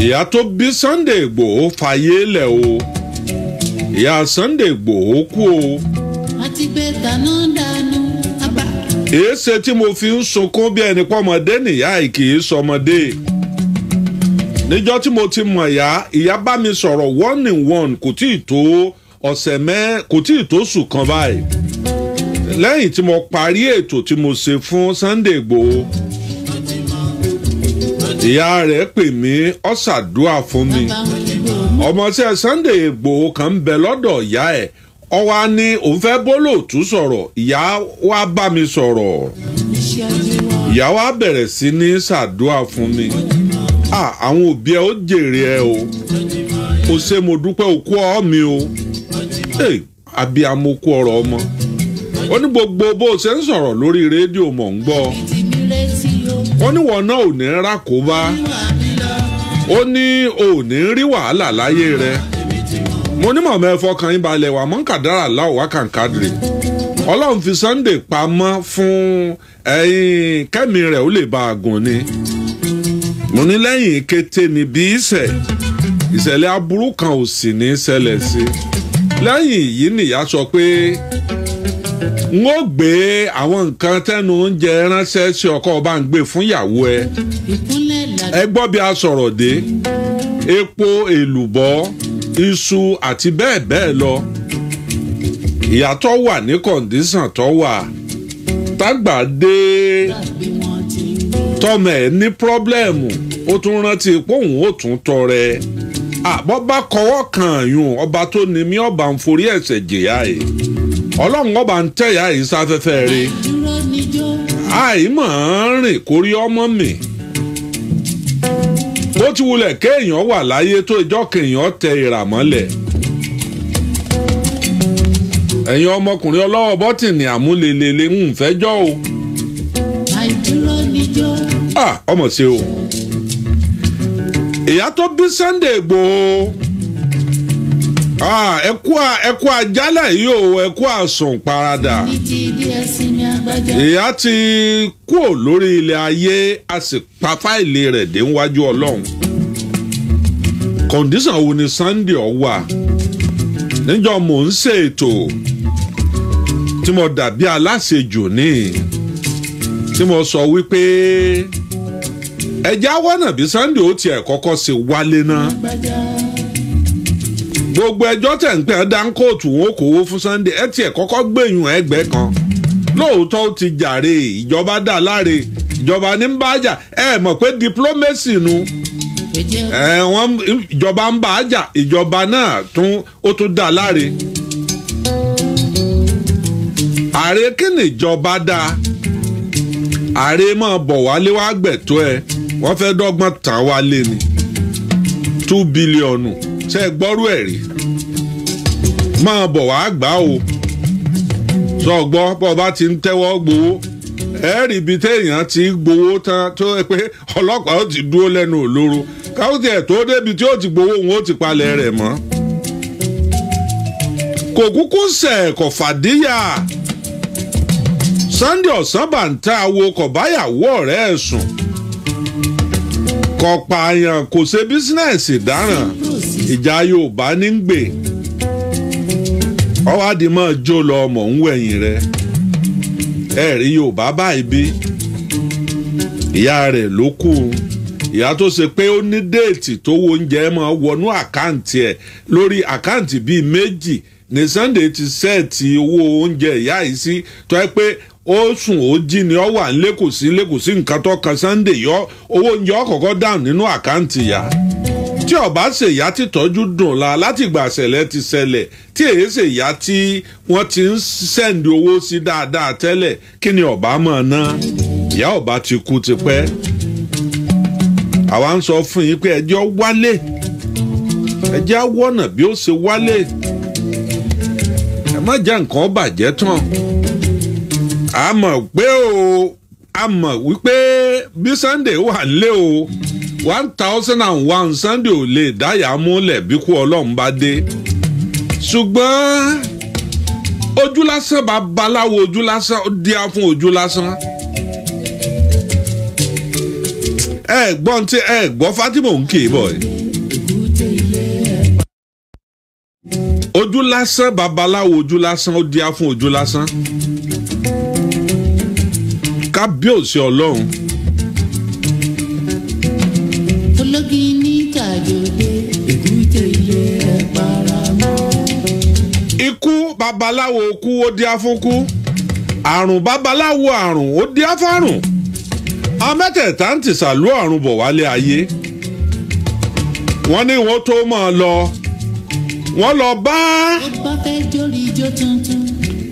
ìyá tó bí Sunday Ìgbòho fàyè lẹ̀ o ìyá Sunday Ìgbòho kú o. àti pé tànú dànù abà. èéṣe tí mo fi ń sunkún bí ẹni pọ́mọdé nìyá kì í sọmọdé níjọ́ tí mo ti mọ̀ ìyá ìyá bá mi sọ̀rọ̀ one in one kò tí ì tó ọ̀sẹ̀ mẹ́ kò tí ì tó sùn kan báyìí lẹ́yìn tí mo parí ètò tí mo ṣe fún Sunday Ìgbòho ìyá rẹ̀ pè mí ó ṣàdúrà fún mi ọmọọṣẹ́ Sunday egbo kan ń bẹ lọ́dọ̀ ìyá ẹ̀ ọ wá ní òun fẹ́ bólóòtú sọ̀rọ̀ ìyá wa bá mi sọ̀rọ̀ ìyá wa bẹ̀rẹ̀ sí ní ṣàdúrà fún mi àwọn òbí ẹ ó jèrè ẹ o ó ṣe mo dúpẹ́ òkú ọ mi o àbí amókú ọ̀rọ̀ ọmọ bó o ṣe ń sọ̀rọ̀ lórí rédíò mọ̀ ó ní wọn náà ò ní rákòbá ó ní ò ní rí wàhálà láyé rẹ mo ní màmá ẹ fọkàn yín balẹ̀ wà mọ́ kàdárà láò wá kàǹkàdìrì ọlọ́run fi Sunday pamọ́ fún ẹ̀yìn kẹ́mi rẹ̀ ó lè ba àgùn ni mo ní lẹ́yìn kété ni bí ìṣẹ̀ ìṣẹ̀lẹ̀ aburú kan ò sì ní ṣẹlẹ̀ sí lẹ́yìn yìí nìyá sọ pé n ó gbé àwọn nǹkan tẹnu oúnjẹ ránṣẹ́ sí ọkọ ọba ń gbé fún ìyàwó ẹ ẹ gbọ́ bí a sọ̀rọ̀ dé epo èlùbọ́ iṣu àti bẹ́ẹ̀ bẹ́ẹ̀ lọ ìyàtọ̀ wà ní kọ̀ǹdíṣàn tó wà tágbà dé tọmọ ẹ ní pírọ́blẹ́mù ó tún rántí póun ó tún tọrẹ àbọ̀ bá kọwọ́ kàn yùn ọba tó ní mí ọba ń forí ẹ̀ṣẹ̀ jìyà yìí. ọlọ́run ọba ń tẹ̀yà yìí sáfẹ́fẹ́ máa ń rìn kórí ọmọ mi bó ti wulẹ̀ kéèyàn wà láyé tó ìjọ́ kéèyàn tẹ ìràmọ́lẹ̀ ẹ̀yin ọmọkùnrin ọlọ́wọ́ bọ́tìnì àmúlelele ń fẹ́jọ́ o ọmọ ṣe o ìyá tó bí Sunday Igboho. ẹ ẹkụ à ẹ kú yìí o ẹ àsùn parada ìyá ti kú ò lórí ilẹ̀ ayé a sì pa fáìlì rẹ̀ dé níwájú ọlọ́run kọ̀ǹdíṣàn wo ni Sunday wa nijọ mo mò ń ṣètò tí mo dàbí aláṣejù ní tí mo sọ wípé ẹjẹ́ àwọn nàbí Sunday ó tiẹ̀ kọ́kọ́ ṣe wálé náà. gbogbo ẹjọ tẹ̀ ń pè ẹ́ dá kóòtù wọn kò fún Sunday ẹ tiẹ̀ kọ́kọ́ gbẹ̀yìn ẹgbẹ́ kan lóòótọ́ ó ti jàre ìjọba dà láre ìjọba ní bàjà ẹ mọ̀ pé diplomacy nu ẹ wọn ìjọba ń bàjà ìjọba náà tún ó tún dà láre ààrẹ kí ni ìjọba dá ààrẹ máa bọ̀ wálé wá gbẹ̀tọ́ ẹ wọ́n fẹ́ dọ́gbọ́n tàn wálé ni two bílíọ̀nù. ṣe gbọ́rú ẹ̀ rí máa bọ̀ wá gbà o sọ gbọ́ bọ́ bá ti ń tẹ́wọ́ gbowó ẹ rí ibi téèyàn ti gbowó tán tó yẹ pé ọlọ́pàá ó ti dúró lẹ́nu òlóró káwọ́tì ẹ̀ tó débi tí ó ti gbowó òun ó ti palẹ̀ rẹ̀ mọ́ kò kúkú sẹ̀ kò fàdíyà Sunday ọ̀sán bàǹtà wo kò báyàwó ọ̀rẹ́ ẹ̀ sùn kò pààyàn kò ṣe bísínẹ́sì dáràn. ìjà Yorùbá ní ń gbè ọwádìímọ̀ jó lọ ọmọ ń wẹ̀yìn rẹ ẹ rí Yorùbá báyìí bí ìyá rẹ̀ ló kù ìyá tó ṣe pé ó ní déètì tó wo oúnjẹ máa wọnú àkáǹtì ẹ̀ lórí àkáǹtì bíi méjì ní ti owó oúnjẹ ìyá yìí sí tó ni ó wà yọ owó oúnjẹ nínú àkáǹtì yá. tí ọba ṣèyá tí tọ́jú dùn la látìgbà ṣẹlẹ̀ ti ṣẹlẹ̀ tí èyí ṣèyá tí wọ́n ti ń sẹ́ndì owó sí dáadáa tẹ́lẹ̀ kí ni ọba mọ̀ ná ìyá ọba ti kú tipẹ́ àwa ń sọ fún yín pé ẹjọ́ wálé ẹjẹ́ wọ̀nà bí ó ṣe wálé ẹ má jẹ́ nǹkan bàjẹ́ tán a mọ̀ pé o a mọ̀ wípé bí Sunday wà nílé o one thousand and one Sunday ò lè dáyà múlẹ̀ bí kú ọlọ́run bá dé ṣùgbọ́n ojú lásán babaláwo ojú lásán díá fún ojú lásán ẹ gbọ́n tí ẹ gbọ́ Fatima ń kì í bọ̀ yìí. ojú lásán babaláwo ojú lásán díá fún ojú lásán kábíyèsí ọlọ́run. lógi ní tàjòdè èkúté ilé ẹ para mọ́. ikú babaláwo kú ó díá fún kú àrùn babaláwo àrùn ó díá fárùn amẹ́tẹ̀ẹ̀ta ń tìsàlú ọ̀run bọ̀ wálé ayé wọ́n ní wọ́n tó máa lọ wọ́n lọ bá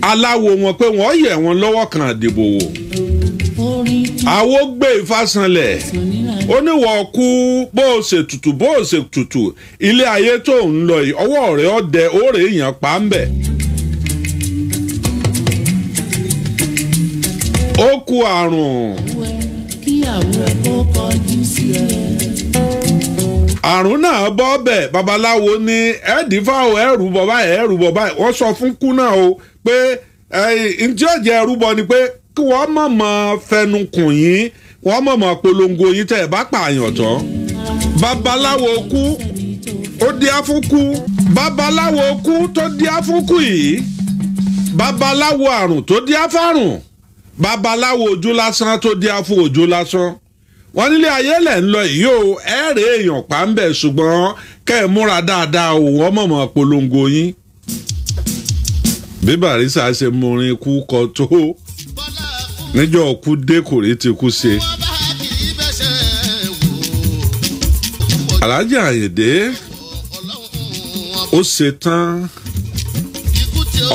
aláwo wọn pé wọ́n yẹ̀ wọ́n lọ́wọ́ kan àdìbò wò. orin awogbe gbé ìfàsànlẹ̀ ó ní wọ́n kú bó o ṣe tutù bó o ṣe tutù ilé ayé tó ń lọ yìí ọwọ́ rẹ̀ èèyàn pa ń bẹ̀. ó kú àrùn. àrùn náà bọ́ bẹ̀ babaláwo ní ẹ̀ẹ́dìfáwọ̀ ẹ̀rù bọ̀ báyìí ẹ̀rù báyìí wọ́n sọ fún o pé ntí ọ̀jẹ̀ ni pé kí wọ́n mọ̀ mọ̀ fẹnukùn yín wọ́n mọ̀ mọ̀ polongo yín tẹ́ ẹ̀ bá pààyàn tán babaláwo kú ó di afúnkú babaláwo kú tó di afúnkú yìí babaláwo àrùn tó di afárùn babaláwo ojú lásán tó di afọ ojú lásán wọn nílé ayé lẹ̀ ń lọ yìí o ẹ rè èèyàn pa ń bẹ̀ ṣùgbọ́n kẹ́ ẹ múra dáadáa o wọ́n mọ̀ mọ̀ polongo yín bí barisa ṣe mú orin kú kọ tó níjọ́ ọ̀kú dé kòrí ti kú ṣe. Alhaji Ayinde ó ṣe tán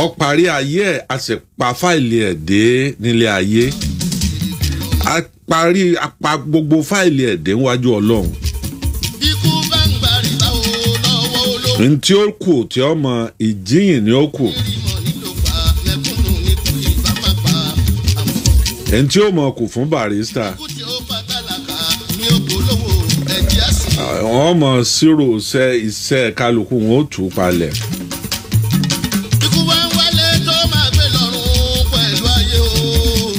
ó parí ayé ẹ̀ a sì pa fáìlì ẹ̀ dé nílé ayé a parí a pa gbogbo fáìlì ẹ̀ dé níwájú Ọlọ́run. ntí ó kù tí ọmọ ìjíyìn ni ó kù. ẹni tí ó mọ kò fún barista wọ́n mọ sírò iṣẹ́ iṣẹ́ kálukú wọn ó tù ú palẹ̀.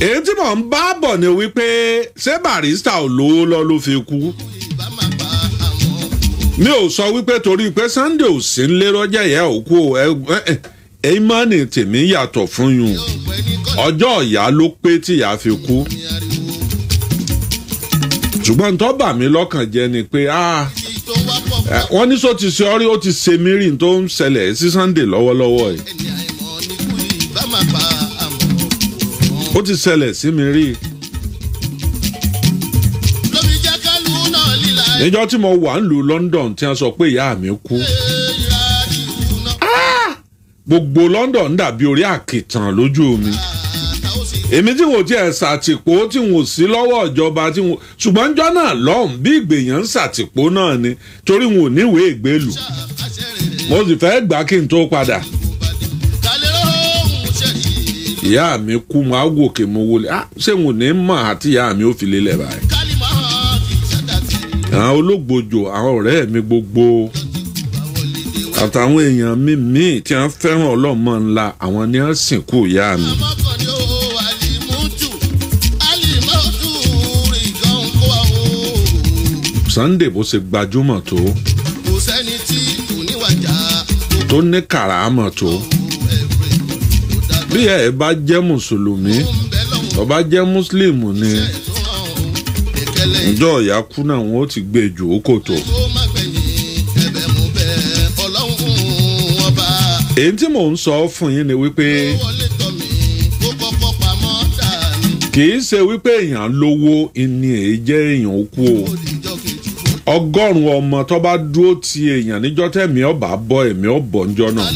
èyí tí mò ń bá bọ̀ ni wípé ṣé barista ò lówó lọ ló fi kú mi ò sọ wípé torí pé Sunday ò sí ń lérò jẹ̀yẹ́ òkú ẹ̀ ẹ̀ ìmánì tèmi yàtọ̀ fún yùn ọjọ́ ìyá ló pé tíyà fi kú ṣùgbọ́n tó bà mí lọ́kàn jẹ́ ni pé ah, wọ́n ní sọ ti ṣe ọrí ó ti ṣe mí rìn tó ń ṣẹlẹ̀ sí Sunday lọ́wọ́lọ́wọ́ yìí ó ti ṣẹlẹ̀ sí mi rí níjọ́ tí mo wà ń lu London tí wọ́n sọ pé ìyá mi kú. Yeah gbogbo London dàbí orí àkìtàn lójú omi èmi tí wò tiẹ̀ ṣàtìpó tí wò sí lọ́wọ́ ìjọba tí wò ṣùgbọ́n njọ́ náà lọ́hùn bí ìgbèyàn ń ṣàtìpó náà ni torí wò níwèé ìgbélù mo sì fẹ́ gbà kí n tó padà ìyá mi kú mo á gòkè mo wọlé ah ṣé wò ní mọ̀ àti ìyá mi ò fi lélẹ̀ báyìí àwọn olóògbòjò àwọn ọ̀rẹ́ mi gbogbo àtàwọn èèyàn mi tí wọ́n fẹ́ràn ọlọ́mọ ńlá àwọn ni wọ́n sìnkú ìyá mi. Sunday bó ṣe gbajúmọ̀ tó tó ní kàràmọ̀ tó bí ẹ bá jẹ́ mùsùlùmí ọba jẹ́ mùsùlùmí ni ǹjọ́ ìyá kú náà wọ́n ti gbé jòókòtò. èyí tí mò ń sọ fún yín ni wípé kì í ṣe wípé èèyàn lówó ni èyí jẹ́ èèyàn kú o ọgọ́rùn-ún ọmọ tó bá dúró ti èèyàn níjọ́ tẹ̀mí ọba bọ́ ẹ̀mí ọ̀bọ̀ níjọ́ náà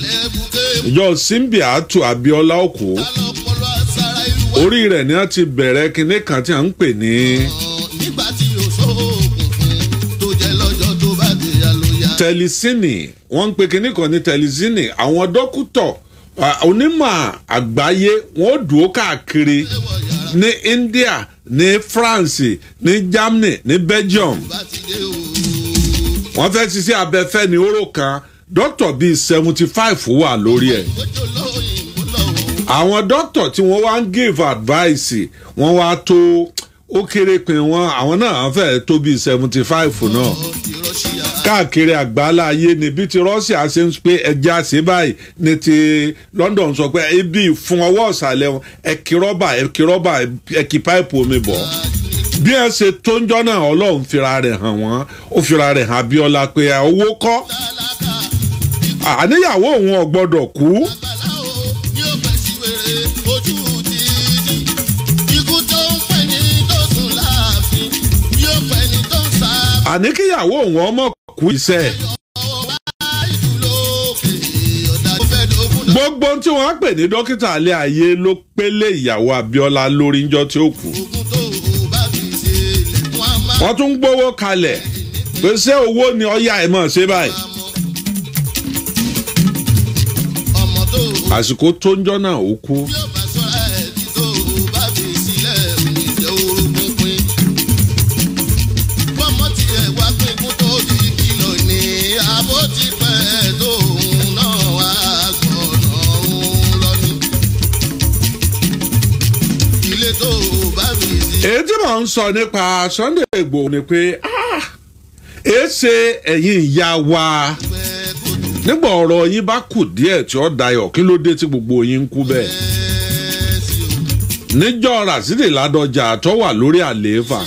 ìjọ Simbi Atu Abiola Oko orí rẹ̀ ni a ti bẹ̀rẹ̀ kinní kan tí a ń pè ní. Oh. tẹlifíṣìnì wọ́n ń pe kinní kan ní tẹlifíṣìnì àwọn dókítọ̀ onímọ̀ àgbáyé wọ́n dúró káàkiri ní India ní France ní Germany ní Belgium wọ́n fẹ́ ṣiṣẹ́ abẹ́fẹ́ ní oró kan dókítọ̀ bíi seventy five wà lórí ẹ̀ àwọn dókítọ̀ tí wọ́n wá ń give advice wọ́n wá tó ó kéré pin wọn àwọn náà fẹ́ tó bíi seventy five náà káàkiri àgbáńlá ayé níbi tí Russia ṣe ń pé ẹja ṣe báyìí ní ti London sọ pé ibi fún ọwọ́ ọ̀sàlẹ̀ wọn ẹ̀kí rọ́bà ẹ̀kí rọ́bà ẹ̀kí páìpù omi bọ̀ bí ẹ ṣe tó ń jọ́nà ọlọ́run fira rẹ̀ hàn wọ́n ó fira rẹ̀ hàn Abíọ́lá pé owó kọ́ àníyàwó òun ò kú. àní kíyàwó òun ọmọ kú iṣẹ́. gbogbo tí wọ́n pè ní dókítà alẹ́ ayé ló pélé ìyàwó Abíọ́lá lórí njọ́ tí ó kú. wọ́n tún gbowó kalẹ̀ pé ṣé owó ni ọ̀yà ẹ̀ mọ̀ ṣe báyìí. àsìkò tó ń jọ́ náà ó kú. táwọn ń sọ nípa Sunday Igboho ni pé èé ah, ṣe ẹ̀yin ìyá wa nígbà ọ̀rọ̀ yín bá kù díẹ̀ tí ó dayọ̀ kí ló dé tí gbogbo yín ń kú bẹ́ẹ̀. níjọ́ Rasidi Ládọjà tó wà lórí àlééfà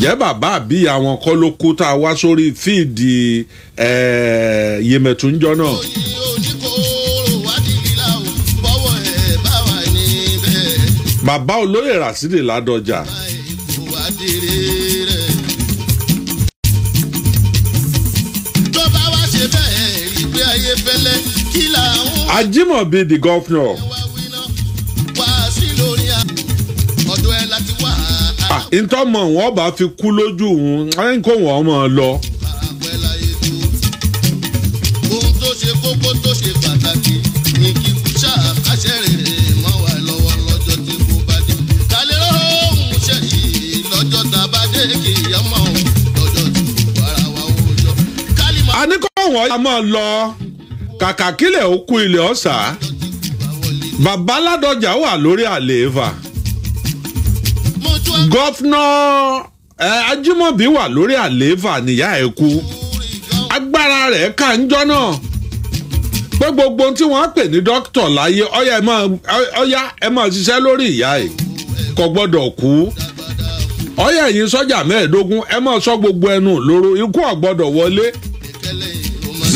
jẹ́ bàbá àbíyá wọn kọ́ ló kú tá a wá sórí fíìdì Yèmẹ̀túnjọ́ náà. bàbá olóyè rasidi ládọjà. Ajímọ̀bí the governor. Ah, ntọ́mọ̀ wọn bá fi kú lójú òun ẹ̀ ń kó wọn mọ̀ ọ lọ. wọn a máa lọ kàkà kílẹ̀ òkú ilẹ̀ ọ̀sà babaládọjà wà lórí àlééfà gọ́fúnà ẹ ajímọ̀bí wà lórí àlééfà níyà ẹ̀ kú agbára rẹ̀ kà ń jọ́ náà pé gbogbo tí wọ́n pè ní dókítà láyé ọ̀yá ẹ máa ṣiṣẹ́ lórí ìyá ẹ̀ kò gbọ́dọ̀ kú ọ̀yá ẹ̀yin sọ́jà mẹ́ẹ̀ẹ́dógún ẹ máa sọ gbogbo ẹnu lóró ikú ọgbọdọ wọlé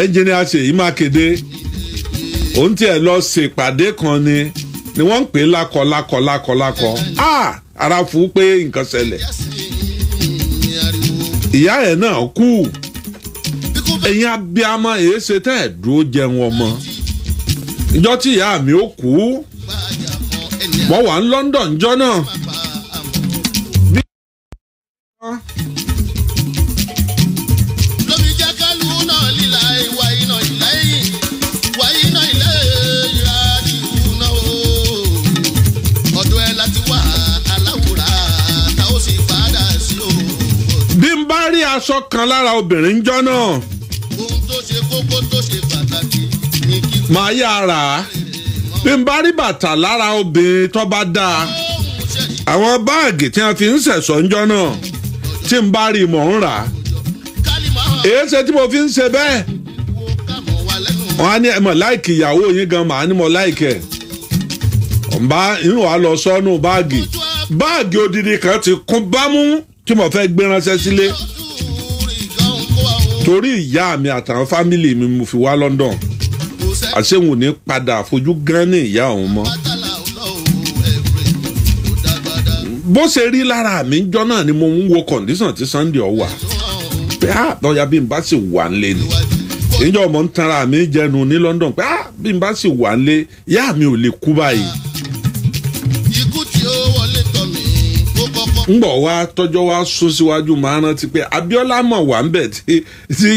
ẹnjìnìá Ṣèyí Mákindé òun lo lọ pade kan ni ni wọ́n ń pè lakọ lakọ lakọ lákọ ara fún pé nǹkan ṣẹlẹ̀ ìyá ẹ̀ náà kú ẹ̀yin abiyamọ èyí ṣe tẹ́ ẹ̀ dúró jẹun ọmọ ìjọ tí ìyá mi ó kú mo wà ní London jọ náà. aṣọ kan lára obìnrin jọ náà. ohun tó ṣe kókó tó ṣe pàtàkì ni kí. màá yà rà á bí n bá rí bàtà lára obìnrin tó bá dáa àwọn báàgì tí wọ́n fi ń ṣẹ̀ṣọ́ ń jọ tí n bá rí mọ̀ ń rà á èyí ṣe tí mo fi ń ṣe bẹ́ẹ̀ wọ́n á ní ẹ mọ̀ láìkì ìyàwó yín gan màá ní mo láìkì ẹ̀ bá ń wàá lọ sọ́nù báàgì báàgì odidi kan ti kún bámú tí mo fẹ́ gbé sílé. Si torí ìyá mi àtàwọn fámìlì mi mo fi wá London àṣehùn ò ní padà fojú gan ní ìyá òun mọ́ bó ṣe rí lára mi jọ náà ni mo ń wo condition tí Sunday ọ wà pé á ah, lọ́ya bí n bá sì wà ń lé ni ìjọ ọmọ ń tanra mi jẹnu ní London pé á ah, bí n bá sì wà ń lé ìyá mi ò lè kú báyìí. ngbọ̀ wa tọ́jọ́ wa sún síwájú máa rántí pé abiola mọ̀ wà ń bẹ̀ tí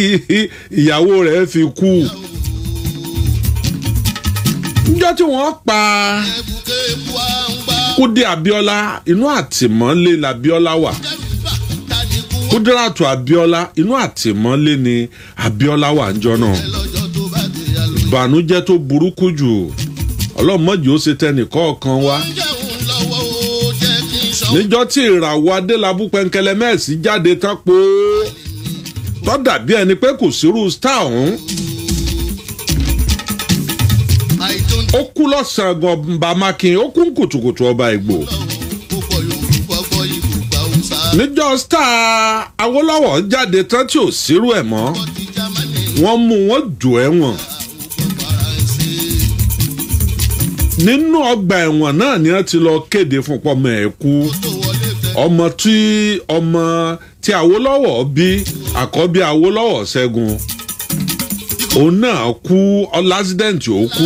ìyàwó rẹ̀ fi kú níjọ́ tí wọ́n pa Kúdí Abíọ́lá inú àtìmọ́lé l'Abíọ́lá wà Kúdírátù Abíọ́lá inú àtìmọ́lé ni Abíọ́lá wà ń jọ náà ìbànújẹ́ tó burúkú jù ọlọ́mọdé ó ṣe tẹnìkọ́ kan wá níjọ́ tí ìràwọ̀ adélabú pẹnkẹlẹ mẹ́ẹ̀sì jáde tán po tó dàbí ẹni pé kò sírú star ọ̀hún. ó kú lọ́sàn-án gọ̀ǹba makin ó kú kùtùkùtù ọba ìgbò. níjọ́ star Awólọ́wọ̀ jáde tán tí ò sírú ẹ̀ mọ́ wọ́n mú wọn jù ẹ́ wọ̀n. nínú ọgbà ẹ̀wọ̀n náà ni wọ́n ti lọ kéde fún pọ́mọ ẹ̀ kú ọmọ tí ọmọ tí Awólọ́wọ̀ bí àkọ́bí Awólọ́wọ̀ Ṣẹ́gun òun náà kú ọlásídẹ̀ǹtì ó kú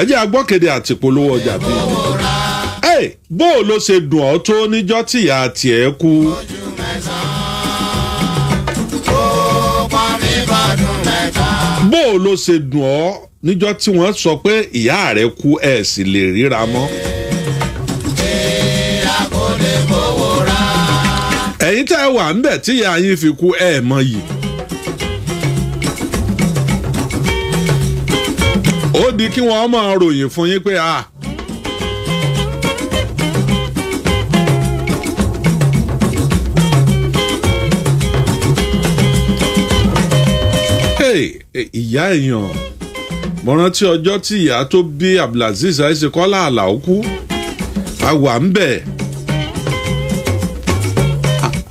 ẹ jẹ́ agbọ́kéde àti polówó ọjà bíi bó o ló ṣe dùn ọ́ tó níjọ́ tìyà tiẹ̀ kú. báwo ló ṣe dùn ọ́ níjọ́ tí wọ́n sọ pé ìyá rẹ̀ kú ẹ̀ sì lè ríra mọ́. ẹ̀yin tẹ́ ẹ wà ń tí ìyá yín fi kú ẹ̀ mọ yìí. ó di kí wọ́n máa ròyìn fún yín pé ah ìyá èèyàn mo rántí ọjọ́ tí ìyá tó bí Abdulaziz Aisekọ́lá Àlàó kú a wà ń bẹ̀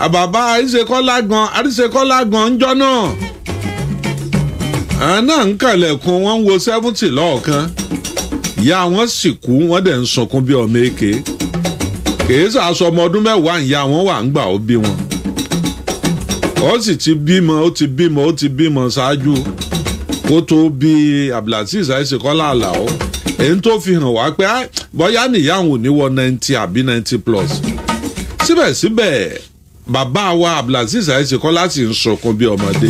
àbàbá Aisekọ́lá gan Aisekọ́lá gan ń jọ́ náà àwọn náà ń kàlẹ̀kùn wọ́n ń wo seventy lọ́ọ̀kan ìyá wọn sì kú wọ́n dẹ̀ ń sunkún bí ọmọ èké kèé sàásọ ọmọ ọdún mẹ́wàá ìyá wọn wà ń gbà ó bí wọn ó sì ti bímọ ó ti bímọ ó ti bímọ ṣáájú kó tó bí abdulaziz àìsèkọ́lá àlàó èyí tó fi hàn wá pé ah, bóyá nìyá òun ní wọ ninety àbí ninety plus síbẹ̀síbẹ̀ bàbá wa abdulaziz àìsèkọ́lá sì ń sọkún bí ọmọdé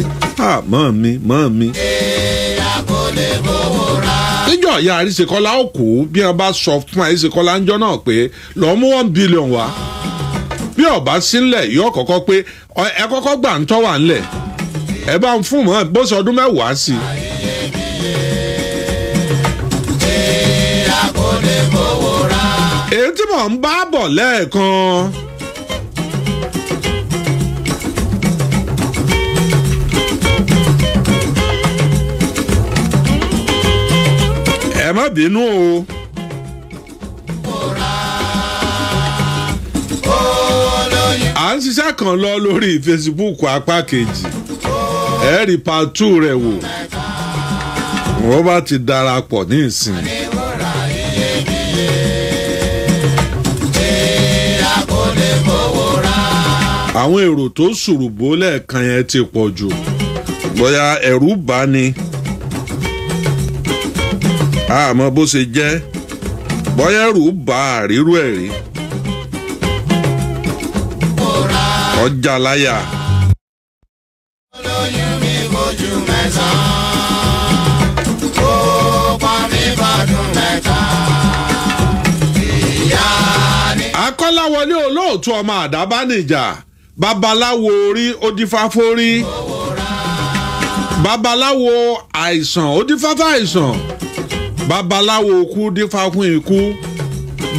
mọ́ ah, mi mọ́ mi. èèrà kò lè bówó ra. níjọ́ ìyá àìsèkọ́lá ò kú bí wọ́n bá sọ fún àìsèkọ́lá ńjọ́ náà pé lọ́ọ́ mú one billion wá. Ah bí ọba sílẹ̀ yóò kọ́kọ́ pé ẹ kọ́kọ́ gbà ń tọ́wà ńlẹ̀ ẹ bá ń fún mọ́ bó sọ ọdún mẹ́wàá sí i. èyí tí mò ń bá bọ̀ lẹ́ẹ̀kan. ẹ má bínú o. ṣiṣẹ́ kan lọ lórí Facebook apá kejì ẹ rí part two rẹ̀ wò wọ́n bá ti darapọ̀ ní ìsìn. àwọn èrò tó ṣùrùbó lẹ́ẹ̀kan yẹn ti pọ̀ jù bóyá ẹ̀rù bá ni àmọ́ bó ṣe jẹ́ bóyá ẹ̀rù bá àrírú ẹ̀rí. ọjà láyà. olóyún mi mojú mẹ́sàn-án ó pa mí bàdùn mẹ́ta ìyá ni. akọ́láwọlé olóòtú ọmọ àdábánijà babaláwo orí ó dífá fórí babaláwo àìsàn ó dífá fáìsàn babaláwo ikú dífá fún ikú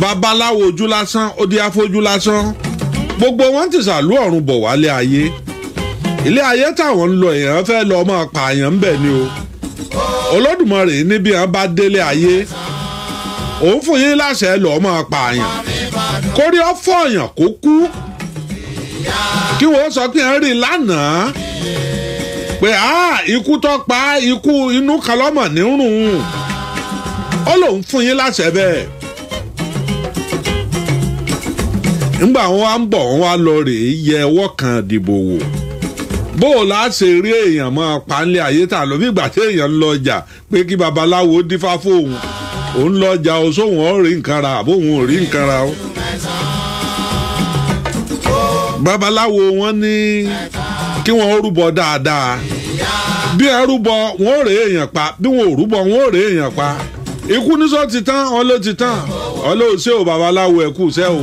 babaláwo ojú lásán ó di afójú lásán gbogbo wọn ti sàlú ọ̀run bọ̀ wálé ayé ilé ayé táwọn ń lọ èèyàn fẹ́ lọ máa pààyàn ń bẹ̀ ni o olódùmarè níbi hàn bá délé ayé òun fún yín láṣẹ lọ máa pààyàn kórí ọ̀fọ̀ èèyàn kó kú kí wọ́n sọ pé ń rìn lánàá pé ah, ikú tó pa ikú inú kan lọ́mọ̀ nírùn ó lòun fún yín láṣẹ bẹ́ẹ̀. nígbà wọn wá ń bọ̀ wọn wá lọ rèé yẹ ọwọ́ kan dìbò wò bó o láà ṣe rí èèyàn máa pa nílé ayé tà lọ nígbà tí èèyàn ń lọjà pé kí babaláwo dífá fóun òun lọjà o sóun ò rí nǹkan ra àbóun ò rí nǹkan ra o. babaláwo wọn ní kí wọn rúbọ dáadáa bí ẹ rúbọ wọn ò rí èèyàn pa bí wọn ò rúbọ wọn ò rí èèyàn pa ikú nísọ ti tán ọ ló ti tán ọ ló ṣe o babaláwo ẹ kù sẹ́ o.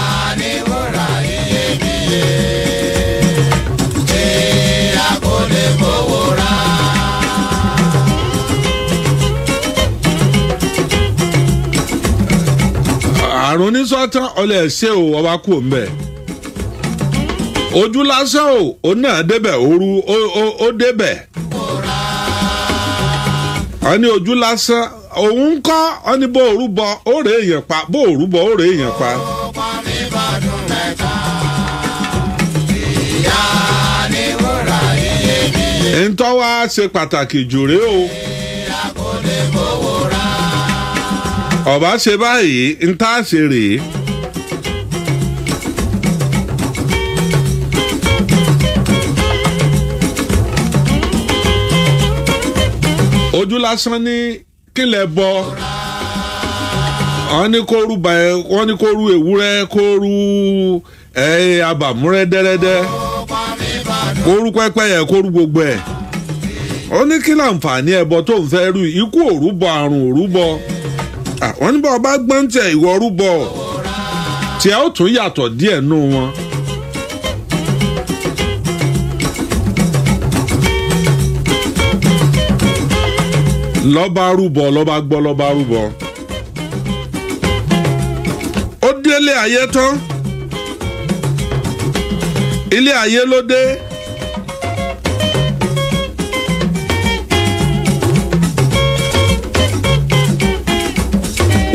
àrùn onísọ̀tàn ọlẹ̀ ẹ̀ṣẹ́ o ọba kú òǹbẹ̀ ojú lásán o ó náà débẹ̀ ooru ó débẹ̀ wọ́n ní ojú lásán òun ń kọ́ wọ́n ní bó bọ ó rèé yẹn ntọ́wá ṣe pàtàkì jù rèé o. ọ̀bá ṣe báyìí ntá ṣe rèé. ojú lásán ní kílẹ̀ bọ wọ́n ní kó rú bàyẹ̀ wọ́n ní kó rú ewúrẹ́ kó rú abàmúrẹ́ dẹ́rẹ́dẹ́. Oh. kórú pẹ́pẹ́ yẹn kórú gbogbo ẹ̀ ó ní kí láǹfààní ẹbọ tó ń fẹ́ rú ikú òrúbọ àrùn òrúbọ bá ọba gbọ́n tẹ ìwọ tí ẹ ó tún yàtọ̀ díẹ̀ nú wọn. lọ́ba rúbọ lọ́ba gbọ́ lọ́ba rúbọ ó délé ayé tán ilé ayé ló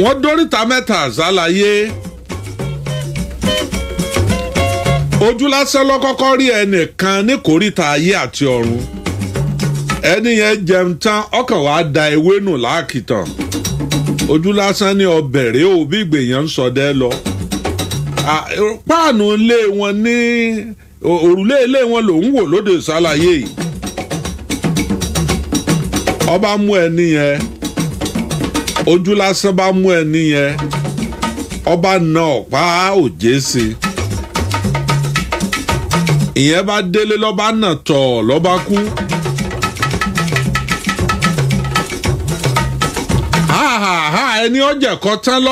wọ́n dóríta mẹ́ta àzálàyé ojú lásán lọ́kọ́kọ́ rí ẹnìkan ní kòríta ayé àti ọ̀run ẹni yẹn jẹun tán ọkàn wàá da ewé nù láàkìtàn ojú lásán ní ọbẹ̀ rèé ò bí ìgbèyàn ń sọdẹ́ lọ páànù ilé wọn ní òrùlé ilé wọn lòún wò lóde ìsálàyé yìí ọba mú ẹni yẹn. ojú lásán bá mú ẹ nìyẹn ọba na ọ̀pá òjé sí i ìyẹn bá délé lọ́ba nà tọ̀ lọ́ba kú. ẹni tán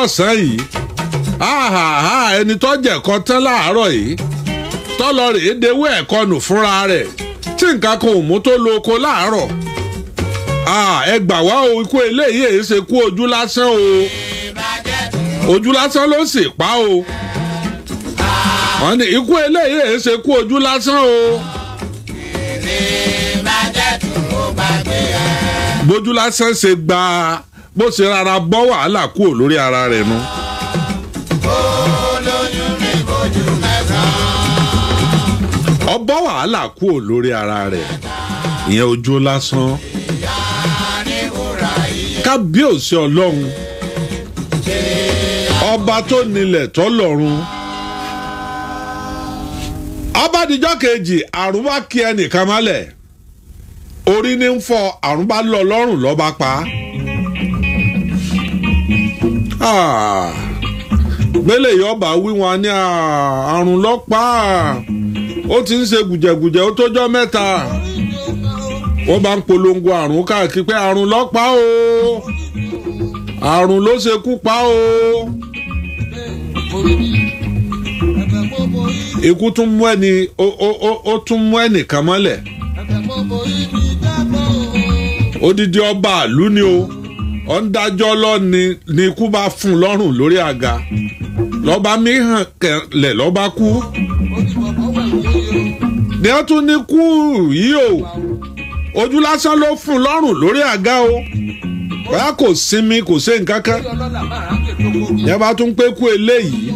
ẹni tán yìí nù fúnra tí nǹkan kan ò mú tó lo oko ẹ gbà wá o ikú eléyìí èyí ṣe kú ojú lásán o ojú lásán ló sì pa o wọ́n ní ikú eléyìí èyí ṣe kú ojú lásán o bójú lásán ṣe gba bó ṣe rárá bọ́ wàhálà kúrò lórí ara rẹ̀ nu. No. ọbọ̀ wàhálà kúrò lórí ara rẹ̀ ìyẹn ojú lásán. kábíyèsí ọlọ́run ọba tó nílẹ̀ tó lọ́run abádijọ́ kejì àrùn bá kí ẹnìkan mọ́lẹ̀ orí ní ń fọ àrùn bá lọ lọ́rùn lọ́ba pa gbélé ah, yọba wí wọn ní ah, àrùn lọ́pàá ó ti ń ṣe gùjẹ̀gùjẹ̀ ó tójọ́ mẹ́ta. wọ́n bá ń polongo àrùn káàkiri pé àrùn ló pa o àrùn ló ṣekú pa o ikú tún mú ẹni ó tún mú ẹnìkan mọ́lẹ̀ odidi ọba àlú ni o ó ń dájọ́ ni ikú bá fún lọ́rùn lórí àga lọ́ba mi hàn kẹlẹ̀ lọ́ba kú ni wọ́n tún ní kú yìí o ojú lásán ló fún lọ́rùn lórí àga o báyà kò sinmi kò ṣe nǹkan kan yẹn bá tún pé kú eléyìí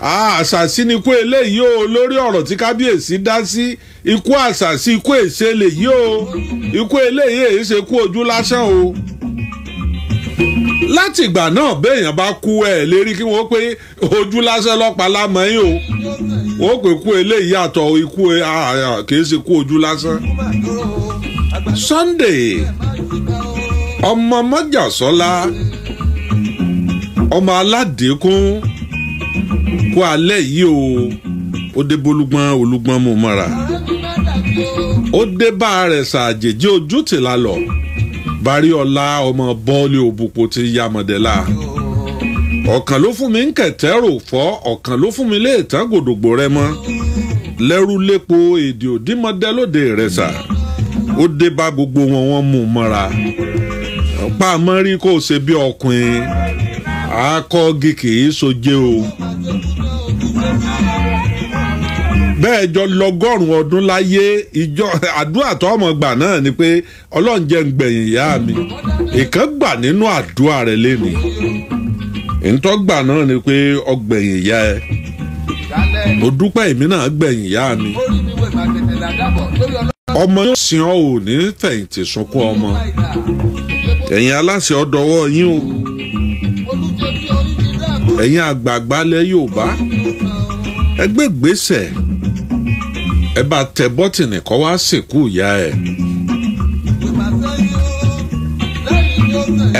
àṣàsí ni kú eléyìí o lórí ọ̀rọ̀ tí kábíyèsí dá sí ikú àṣàsí ikú èṣe lèyí o ikú eléyìí èyí ṣe kú ojú lásán o láti ìgbà náà béèyàn bá kú ẹ lérí kí wọ́n pé ojú lásán lọ́pàá lámọ́yìn o wọ́n pè kú eléyìí àtọ̀ ikú kì í ṣe kú ojú lásán. Sunday ọmọ mọ́jàsọ́lá ọmọ aládìíkún kó alẹ́ yìí o ó dé bólúgbọ́n olúgbọ́n mú mọ́ra ó dé bá rẹ̀ ṣàjèjì ojú tìlá lọ bari ọlá ọmọ bọ́ọ̀lì òbúpo ti ya mọ̀dẹ́là ọ̀kan ló fún mi ń kẹ̀tẹ́ rò fọ́ ọ̀kan ló fún mi léètàn gòdògbò rẹ mọ́ lẹ́rú lépo èdè òdìmọ̀dẹ́ lóde rẹ̀ sà. ó dé bá gbogbo wọn wọ́n mú mọ́ra pàmò rí kò ṣe bí ọkùnrin àákọ́gì kì sojé o bẹ́ẹ̀ jọ lọ́gọ́rùn-ún ọdún láyé ìjọ àdúrà tó ọmọ gbà náà ni pé ọlọ́run jẹ́ ń gbẹ̀yìn ìyá mi ìkan gbà nínú àdúrà lénìí ìtọ́ gbà náà ni pé ọgbẹ̀yìn ìyá mi. ọmọ yóò sin ọ ò ní fẹ̀yìntì sunkún ọmọ ẹ̀yin aláṣẹ ọ̀dọ́wọ́ yín o ẹ̀yin àgbààgbà lẹ̀ Yorùbá ẹ gbé gbèsè ẹ bá tẹ bọ́tìnì kọ́ wá sìnkú ìyá ẹ̀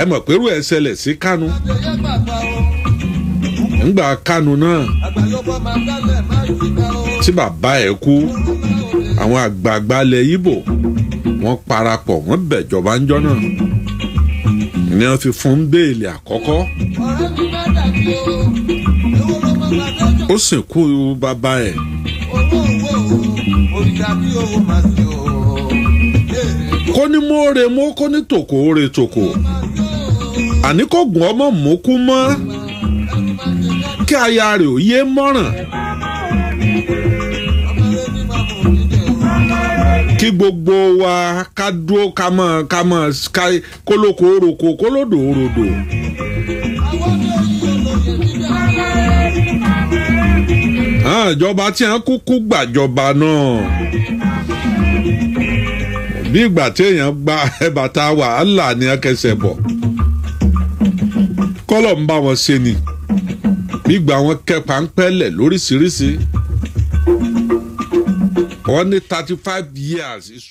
ẹ mọ̀ pé irú ẹ̀ ṣẹlẹ̀ sí Kánú ńgbà Kánú náà tí bàbá ẹ̀ kú àwọn àgbààgbà ilẹ̀ ibo, wọ́n parapọ̀ wọ́n bẹ̀jọba ńjọ́ náà ni wọ́n fi fún béèlì àkọ́kọ́ ó sìnkú bàbá ẹ̀ kó ní mo re mo kó ní tòkó re tòkó àní kò gùn ọmọ mọ́kú mọ́ kí aya rẹ̀ ò yé mọ́ràn. kí gbogbo wa ká dúró ká mọ̀ ká mọ̀ ká kólókó kólódò orodo. ìjọba tí a kúkú gbàjọba náà bí ìgbà téèyàn gba bàtà wàhálà ni wọn kẹsẹ̀ bọ̀ kọ́lọ̀ ń bá wọn ṣe ni bí ìgbà wọn kẹ páńpẹ́lẹ̀ lóríṣiríṣi. only thirty five years.